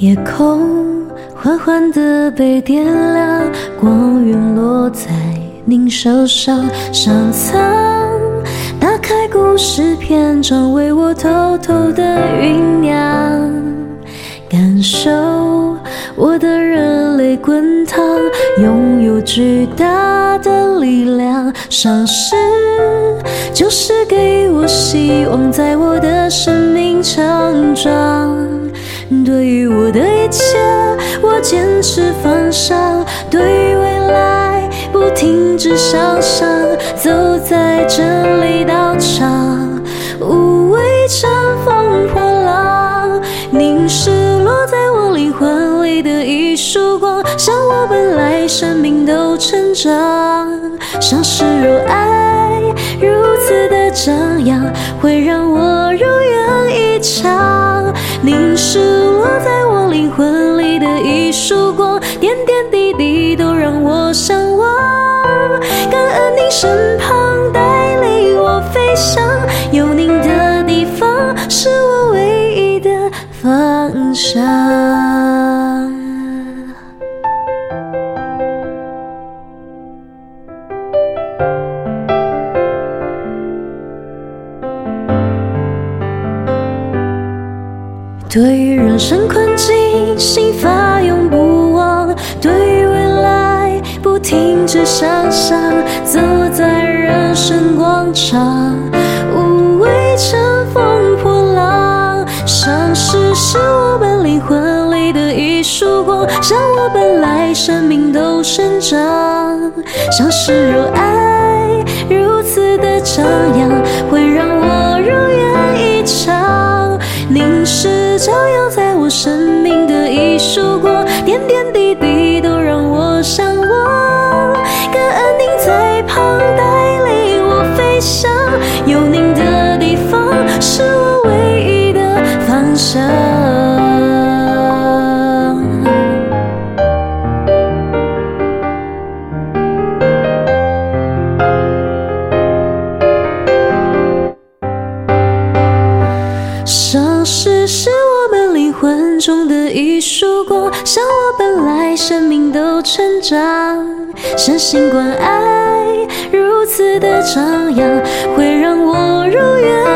夜空緩緩地被點亮，光暈落在您手上。上蒼打開故事篇章，為我偷偷地醞釀。感受我的熱淚滾燙，擁有巨大的力量。上師就是給我希望，在我的生命成長。對於我的一切，我堅持方向；對於未來，不停止想象，走在真理道場，無畏乘風破浪。您是落在我靈魂裡的一束光，向我奔來，生命都成長。上師柔愛如此的張揚，會讓我如願以償。您是。對於人生困境，心法永不忘；對於未來，不停止想象。走在人生廣場。向我奔來，生命都生長，上師柔愛如此地張揚，會讓我如願以償。您是照耀在我生命的一束光，點點滴滴都讓我嚮往。感恩您在旁帶領我飛翔，有您的地方是我唯一的方向。上師是我們靈魂中的一束光，向我奔來，生命都成長。神性，關愛如此的張揚，會讓我如願。